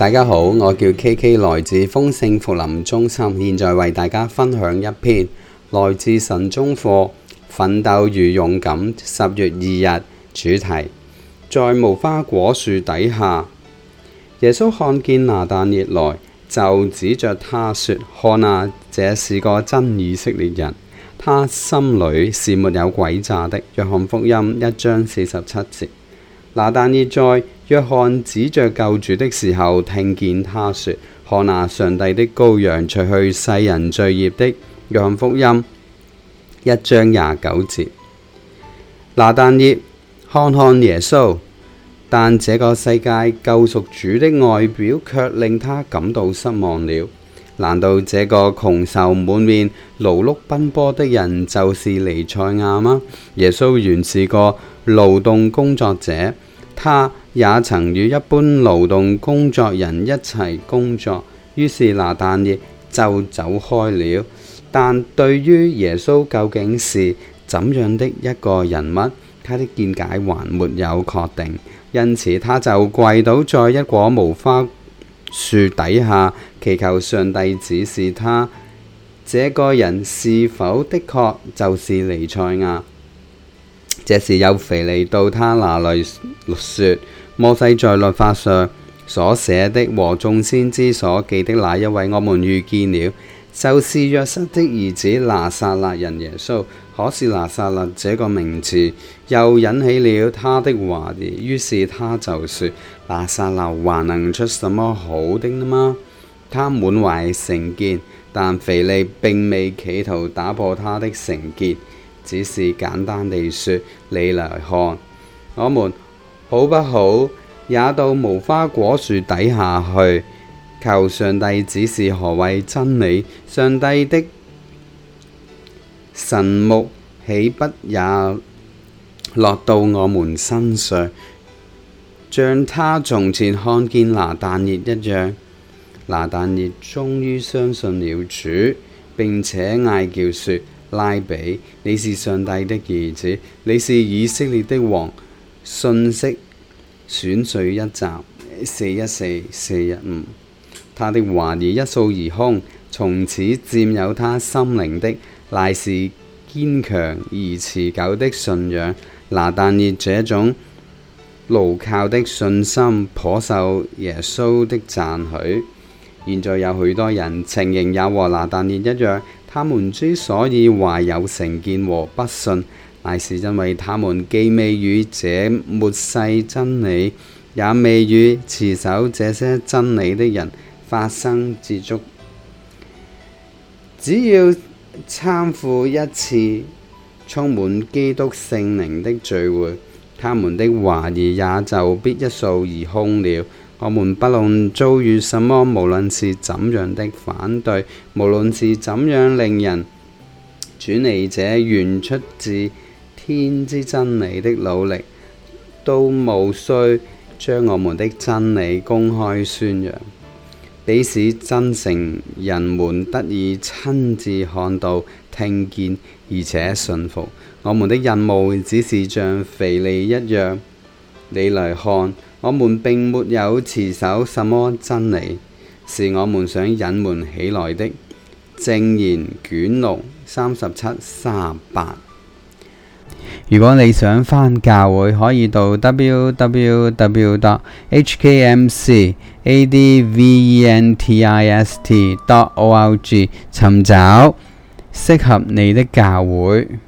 大家好，我叫 KK，來自豐盛福林中心，現在為大家分享一篇來自神中課《奮鬥與勇敢》十月二日主題。在無花果樹底下，耶穌看見拿但業來，就指着他說：看啊，這是個真以色列人，他心裏是沒有詭詐的。約翰福音一章四十七節。拿但業在約翰指着救主的時候，聽見他說：看那上帝的羔羊，除去世人罪孽的，約翰福音一章廿九節。拿但業看看耶穌，但這個世界救贖主的外表却令他感到失望了。難道這個窮愁滿面、勞碌奔波的人就是尼賽亞嗎？耶穌原是個勞動工作者，他，也曾與一般勞動工作人一齊工作，於是拿但業就走開了。但對於耶穌究竟是怎樣的一個人物，他的見解還沒有確定，因此他就跪倒在一棵無花果樹底下，祈求上帝指示他，這個人是否的確就是彌賽亞。這時有腓利到他那裏說，摩西在律法上所寫的和眾先知所記的那一位，我們遇見了，就是約瑟的兒子拿撒勒人耶穌。可是拿撒勒這個名字又引起了他的懷疑，於是他就說：拿撒勒還能出什麼好的嗎？他滿懷成見，但腓利並未企圖打破他的成見。只是簡單地説，你來看，我們好不好？也到無花果樹底下去求上帝指示何謂真理。上帝的神目豈不也落到我們身上，像他從前看見拿但業一樣？拿但業終於相信了主，並且嗌叫説。拉比，你是上帝的兒子，你是以色列的王。信息選粹一集四一四四一五，他的懷疑一掃而空，從此占有他心靈的乃是堅強而持久的信仰。拿但業這種牢靠的信心，頗受耶穌的讚許。現在有許多人情形也和拿但業一樣，他們之所以懷有成見和不信，乃是因為他們既未與這末世真理，也未與持守這些真理的人發生接觸。只要參赴一次充滿基督聖靈的聚會，他們的懷疑也就必一掃而空了。我們不論遭遇什麼，無論是怎樣的反對，無論是怎樣令人轉離者，原出自天之真理的努力，都毋須將我們的真理公開宣揚，俾使真誠人們得以親自看到、聽見，而且信服。我們的任務只是像腓利一樣。你嚟看，我們並沒有持守什麼真理，是我們想隱瞞起來的。正言卷六三十七三八。37, 如果你想返教會，可以到 w w w. dot h k m c a d v e n t i s t. dot o r g 尋找適合你的教會。